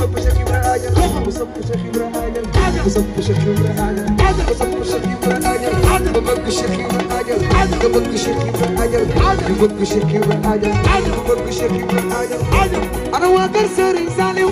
sopp Cheikh Ibra Aja ku sopp Cheikh Ibra Aja ku sopp Cheikh Ibra Aja ku sopp Cheikh Ibra Aja ku bëgg Cheikh Ibra Aja ku bëgg Cheikh Ibra Aja ku bëgg Cheikh Ibra Aja ku bëgg Cheikh Ibra Aja ana waa kër Serigne Saliou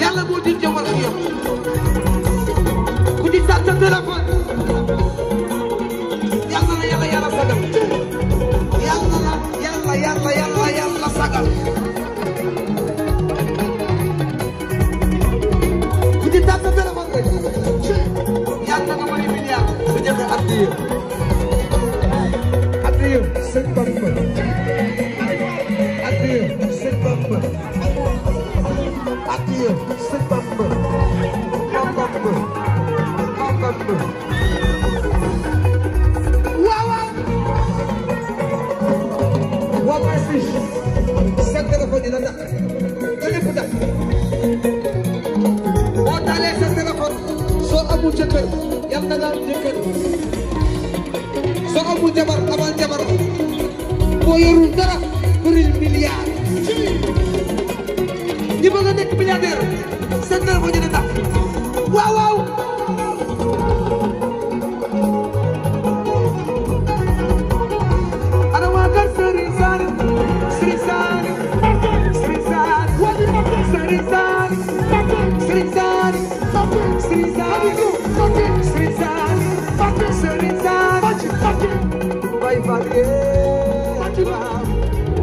yàlla moo di jëmal ak yow ku ci tax sa téléphone yàlla na yàlla yàlla sagal yàlla na yàlla yàlla yàlla yàlla sagal ku ci tax sa téléphone rek yàlla na nga mën a milliard su jëfee at soo amul jabar amal jabar boo yorul dara bëri milliard vai a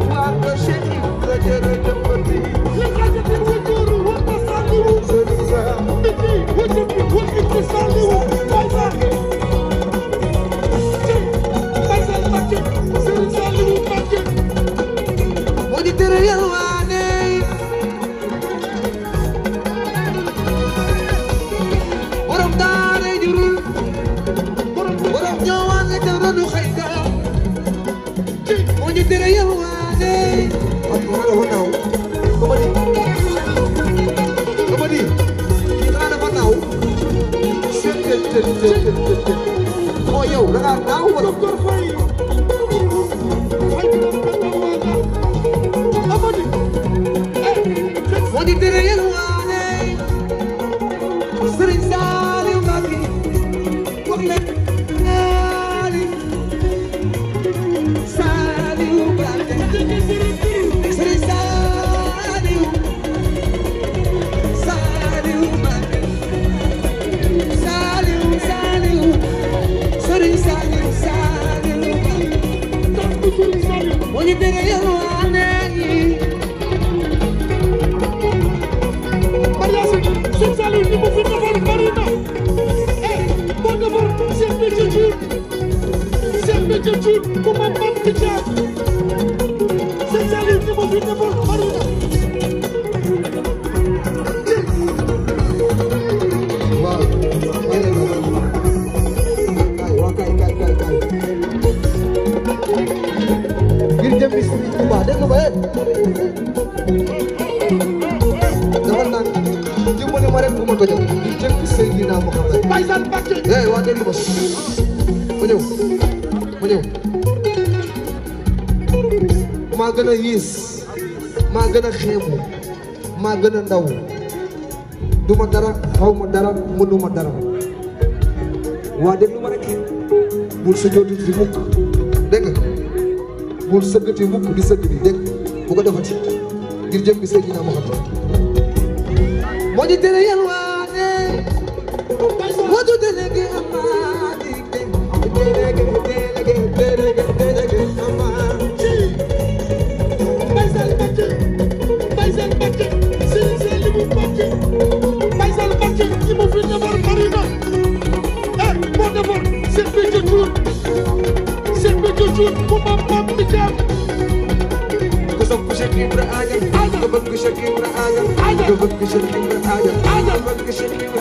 Guarda cheio da direita para ti Liga de ti, o guru, o que saliu Zeriza, o que saliu Sëriñ Saliou Saliou dafa naan dimbali ma rek bu ma ko jëm jëkk Seydina Muhammad baysan Mbàkke eh waa dégg ma ma ñëw ma gën a yiis maa gën a xeebu maa gën a ndaw du ma dara xaw ma dara mënuma dara waa déglu ma rek bul sujjóoti fi mukk dégg bul sëggati mukk di sëgg di dégg bu ko defati ngir jëm bi Seydina Muhammad moo ñu tere yalwaane moo ñu tere gi amaani tere gi tere gi tere gi tere amaani Baye Sall Bakke Baye Sall Bakke sëriñ sëriñ li mu mu fi demoon bari na eh moo demoon Cheikh Béthio Thioune Cheikh Béthio Thioune mu maam maam mi Cheikh Ibra Aja. Nga bëgg Cheikh Ibra Aja. Nga bëgg Cheikh Ibra Aja.